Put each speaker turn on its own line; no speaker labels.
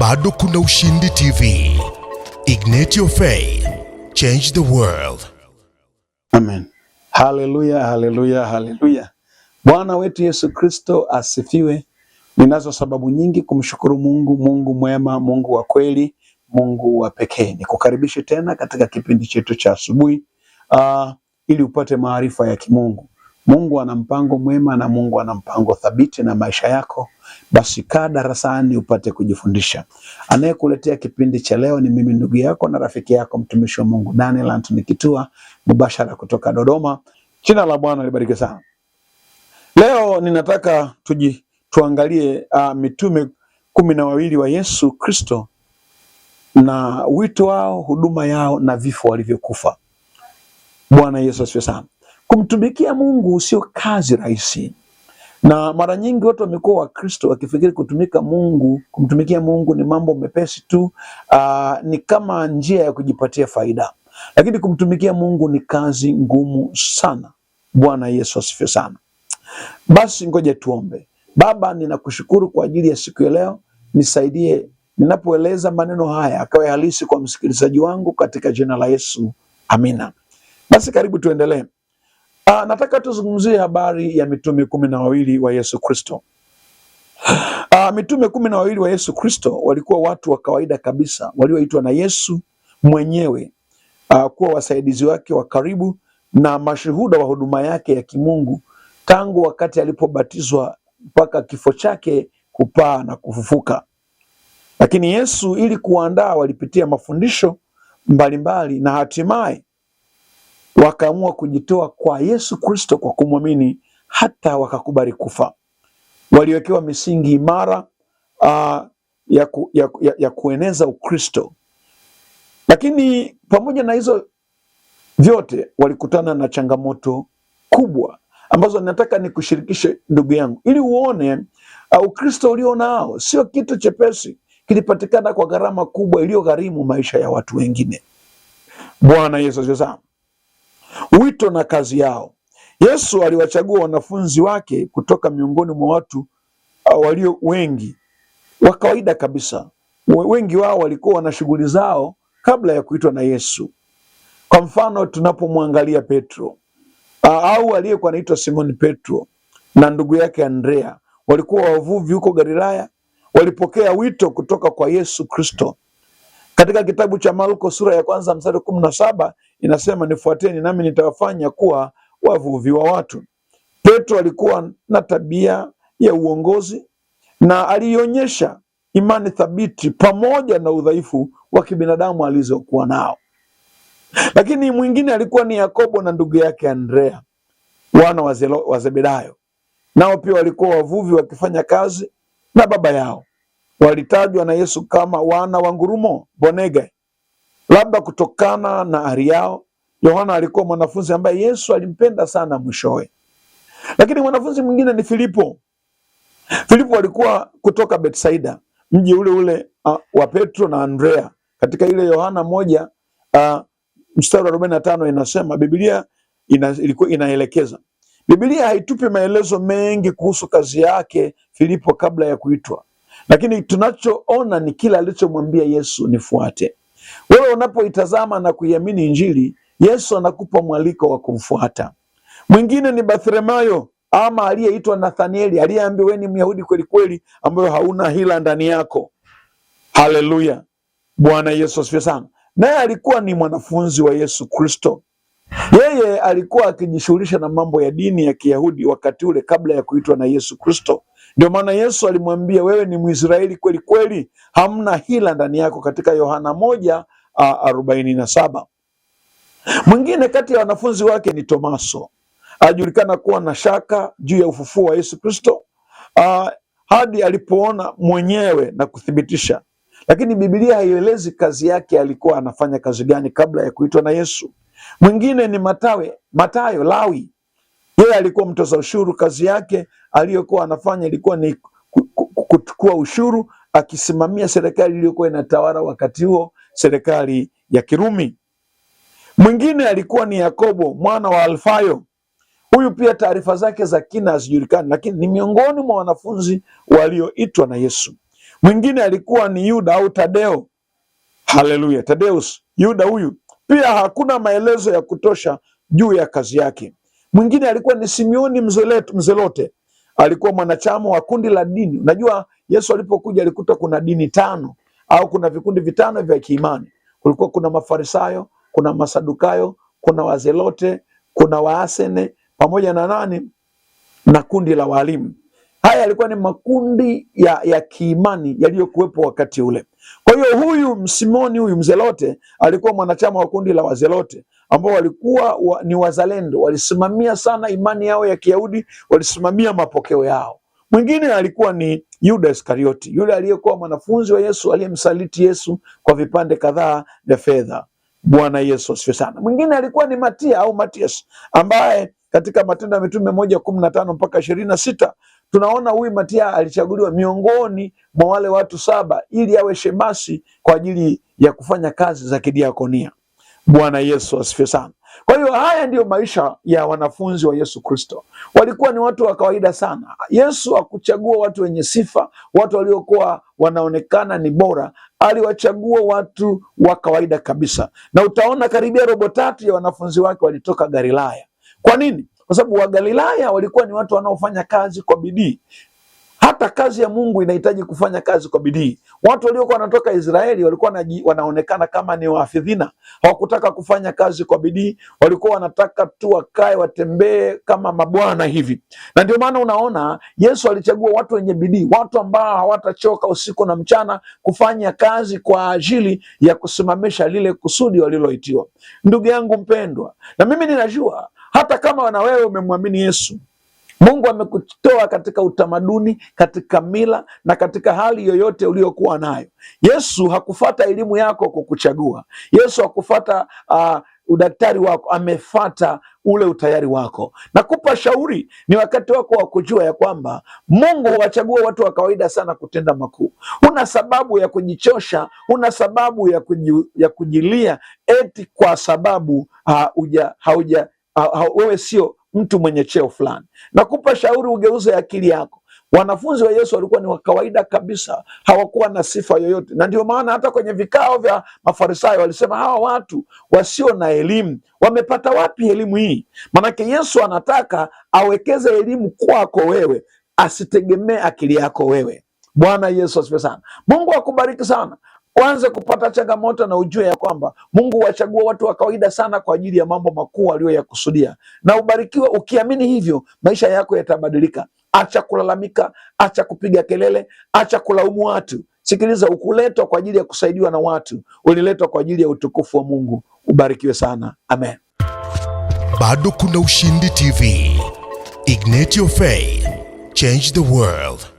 bado kuna ushindi TV. Ignite your faith, change the world.
Amen. Haleluya, haleluya, haleluya. Bwana wetu Yesu Kristo asifiwe. Ninazo sababu nyingi kumshukuru Mungu, Mungu mwema, Mungu wa kweli, Mungu wa pekee. Nikukaribishe tena katika kipindi chetu cha asubuhi uh, ili upate maarifa ya kimungu. Mungu ana mpango mwema na Mungu ana mpango thabiti na maisha yako, basi kaa darasani upate kujifundisha. Anayekuletea kipindi cha leo ni mimi ndugu yako na rafiki yako mtumishi wa Mungu Daniel Anthony Kitua, mubashara kutoka Dodoma. Jina la Bwana libariki sana. Leo ninataka tuji, tuangalie uh, mitume kumi na wawili wa Yesu Kristo na wito wao, huduma yao na vifo walivyokufa. Bwana Yesu asifiwe sana. Kumtumikia Mungu sio kazi rahisi, na mara nyingi watu wamekuwa Wakristo wakifikiri kutumika Mungu, kumtumikia Mungu ni mambo mepesi tu, uh, ni kama njia ya kujipatia faida, lakini kumtumikia Mungu ni kazi ngumu sana. Bwana Yesu asifiwe sana. Basi ngoja tuombe. Baba, ninakushukuru kwa ajili ya siku ya leo, nisaidie ninapoeleza maneno haya akawe halisi kwa msikilizaji wangu katika jina la Yesu, amina. Basi karibu tuendelee. Uh, nataka tuzungumzie habari ya mitume kumi na wawili wa Yesu Kristo. Uh, mitume kumi na wawili wa Yesu Kristo walikuwa watu wa kawaida kabisa walioitwa na Yesu mwenyewe uh, kuwa wasaidizi wake wa karibu na mashuhuda wa huduma yake ya kimungu tangu wakati alipobatizwa mpaka kifo chake, kupaa na kufufuka. Lakini Yesu ili kuandaa, walipitia mafundisho mbalimbali mbali, na hatimaye wakaamua kujitoa kwa Yesu Kristo kwa kumwamini hata wakakubali kufa. Waliwekewa misingi imara uh, ya, ku, ya, ya, ya kueneza Ukristo, lakini pamoja na hizo vyote walikutana na changamoto kubwa ambazo nataka nikushirikishe ndugu yangu, ili uone uh, Ukristo ulio nao sio kitu chepesi, kilipatikana kwa gharama kubwa iliyogharimu maisha ya watu wengine. Bwana Yesu asifiwe Wito na kazi yao. Yesu aliwachagua wanafunzi wake kutoka miongoni mwa watu ah, walio wengi wa kawaida kabisa. Wengi wao walikuwa wana shughuli zao kabla ya kuitwa na Yesu. Kwa mfano, tunapomwangalia Petro ah, au aliyekuwa anaitwa Simoni Petro na ndugu yake Andrea, walikuwa wavuvi huko Galilaya, walipokea wito kutoka kwa Yesu Kristo. Katika kitabu cha Marko sura ya kwanza mstari kumi na saba inasema nifuateni nami nitawafanya kuwa wavuvi wa watu. Petro alikuwa na tabia ya uongozi na alionyesha imani thabiti pamoja na udhaifu wa kibinadamu alizokuwa nao. Lakini mwingine alikuwa ni Yakobo na ndugu yake Andrea, wana wa Zebedayo. Nao pia walikuwa wavuvi wakifanya kazi na baba yao. Walitajwa na Yesu kama wana wa ngurumo, bonege, labda kutokana na ari yao. Yohana alikuwa mwanafunzi ambaye Yesu alimpenda sana mwishowe. Lakini mwanafunzi mwingine ni Filipo. Filipo alikuwa kutoka Betsaida, mji ule ule uh, wa Petro na Andrea. Katika ile Yohana moja uh, mstari wa arobaini na tano inasema Biblia ina, ilikuwa inaelekeza. Biblia haitupi maelezo mengi kuhusu kazi yake Filipo kabla ya kuitwa, lakini tunachoona ni kile alichomwambia Yesu, nifuate. Wewe unapoitazama na kuiamini Injili, Yesu anakupa mwaliko wa kumfuata. Mwingine ni bathremayo ama aliyeitwa Nathanieli, aliyeambia wewe ni Myahudi kwelikweli, ambayo hauna hila ndani yako. Haleluya, Bwana Yesu asifiwe sana. Naye alikuwa ni mwanafunzi wa Yesu Kristo. Yeye alikuwa akijishughulisha na mambo ya dini ya Kiyahudi wakati ule kabla ya kuitwa na Yesu Kristo, ndio maana Yesu alimwambia wewe ni Mwisraeli kweli kweli, hamna hila ndani yako, katika Yohana moja arobaini na saba. Mwingine kati ya wanafunzi wake ni Tomaso, ajulikana kuwa na shaka juu ya ufufuo wa Yesu Kristo uh, hadi alipoona mwenyewe na kuthibitisha. Lakini Biblia haielezi kazi yake, alikuwa anafanya kazi gani kabla ya kuitwa na Yesu. Mwingine ni Matawe, Matayo Lawi yeye alikuwa mtoza ushuru, kazi yake aliyokuwa anafanya ilikuwa ni kuchukua ushuru, akisimamia serikali iliyokuwa inatawala wakati huo, serikali ya Kirumi. Mwingine alikuwa ni Yakobo mwana wa Alfayo. Huyu pia taarifa zake za kina hazijulikani, lakini ni miongoni mwa wanafunzi walioitwa na Yesu. Mwingine alikuwa ni Yuda au Tadeo. Haleluya, Tadeus. Yuda huyu pia hakuna maelezo ya kutosha juu ya kazi yake. Mwingine alikuwa ni Simioni Mzelote, Mzelote alikuwa mwanachama wa kundi la dini. Unajua Yesu alipokuja alikuta kuna dini tano au kuna vikundi vitano vya kiimani. Kulikuwa kuna Mafarisayo, kuna Masadukayo, kuna Wazelote, kuna Waasene pamoja na nani na kundi la walimu. Haya yalikuwa ni makundi ya, ya kiimani yaliyokuwepo wakati ule. Kwa hiyo huyu Msimoni, huyu Mzelote alikuwa mwanachama wa kundi la Wazelote ambao walikuwa wa, ni wazalendo, walisimamia sana imani yao ya Kiyahudi, walisimamia mapokeo yao. Mwingine alikuwa ni Yuda Iskarioti, yule aliyekuwa mwanafunzi wa Yesu aliyemsaliti Yesu kwa vipande kadhaa vya fedha. Bwana Yesu asifiwe sana. Mwingine alikuwa ni Matia au Matias ambaye katika Matendo ya Mitume moja kumi na tano mpaka ishirini na sita tunaona huyu Matia alichaguliwa miongoni mwa wale watu saba ili awe shemasi kwa ajili ya kufanya kazi za kidiakonia. Bwana Yesu asifiwe sana. Kwa hiyo haya ndiyo maisha ya wanafunzi wa Yesu Kristo. Walikuwa ni watu wa kawaida sana. Yesu hakuchagua watu wenye sifa, watu waliokuwa wanaonekana ni bora, aliwachagua watu wa kawaida kabisa, na utaona karibia robo tatu ya wanafunzi wake walitoka Galilaya. Kwa nini? Kwa sababu Wagalilaya walikuwa ni watu wanaofanya kazi kwa bidii, hata kazi ya Mungu inahitaji kufanya kazi kwa bidii. Watu waliokuwa wanatoka Israeli walikuwa na, wanaonekana kama ni waafidhina, hawakutaka kufanya kazi kwa bidii, walikuwa wanataka tu wakae watembee kama mabwana hivi, na ndio maana unaona Yesu alichagua watu wenye bidii, watu ambao hawatachoka usiku na mchana kufanya kazi kwa ajili ya kusimamisha lile kusudi waliloitiwa. Ndugu yangu mpendwa, na mimi ninajua hata kama na wewe umemwamini Yesu Mungu amekutoa katika utamaduni, katika mila na katika hali yoyote uliyokuwa nayo. Yesu hakufata elimu yako kukuchagua. Yesu hakufata uh, ah, udaktari wako, amefata ule utayari wako. Nakupa shauri, ni wakati wako wa kujua ya kwamba Mungu huwachagua watu wa kawaida sana kutenda makuu. Huna sababu ya kujichosha, huna sababu ya, kuji, ya kujilia eti kwa sababu uh, ah, uja, hauja, uh, wewe sio mtu mwenye cheo fulani. Nakupa shauri, ugeuze akili yako. Wanafunzi wa Yesu walikuwa ni wa kawaida kabisa, hawakuwa na sifa yoyote, na ndio maana hata kwenye vikao vya Mafarisayo walisema hawa watu wasio na elimu wamepata wapi elimu hii? Maanake Yesu anataka awekeze elimu kwako wewe, asitegemee akili yako wewe. Bwana Yesu asifiwe sana. Mungu akubariki sana. Uanze kupata changamoto na ujue ya kwamba Mungu wachagua watu wa kawaida sana kwa ajili ya mambo makuu aliyoyakusudia, na ubarikiwe ukiamini hivyo. Maisha yako yatabadilika. Acha kulalamika, acha kupiga kelele, acha kulaumu watu. Sikiliza, ukuletwa kwa ajili ya kusaidiwa na watu, uliletwa kwa ajili ya utukufu wa Mungu. Ubarikiwe sana, amen.
Bado kuna Ushindi TV, ignite your faith, change the world.